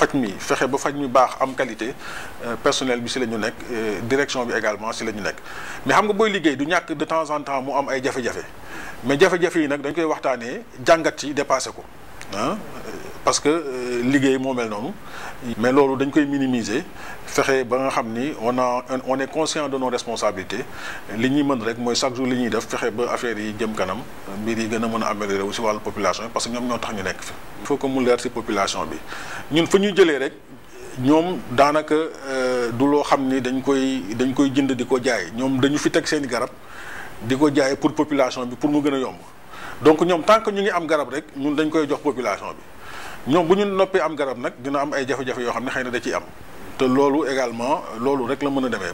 faj mi fexe ba faj mi baax am qualité euh, personnel bi si la ñu nekk direction bi également si la ñu nekk mais xam nga booy liggéey du ñàkk de temps en temps mu am ay jafe-jafe mais jafe-jafe yi nag dañ koy waxtaanee jàngat yi dépassé ko ah parce que euh, liggéey moo mel noonu mais loolu dañ koy minimiser fexe ba nga xam ni on a on est conscient de nos responsabilités li ñuy mën rek mooy chaque jour li ñuy def fexe ba affaire yi jëm kanam mbir yi gën a mën a améliorer wu si wàllu population parce que ñoom ñoo tax ñu nekk fi. il faut que mu leer si population bi ñun fu ñuy jëlee rek ñoom daanaka euh, du loo xam ni dañ koy dañ koy jënd di ko jaay ñoom dañu fi teg seeni garab di ko jaay pour population bi pour mu gën a yomb donc ñoom tant que ñu ngi am garab rek ñun dañ koy jox population bi. ñoom bu ñu noppee am garab nag dina am ay jafe-jafe yoo xam ne xëy na da ciy am te loolu également loolu rek la mën a demee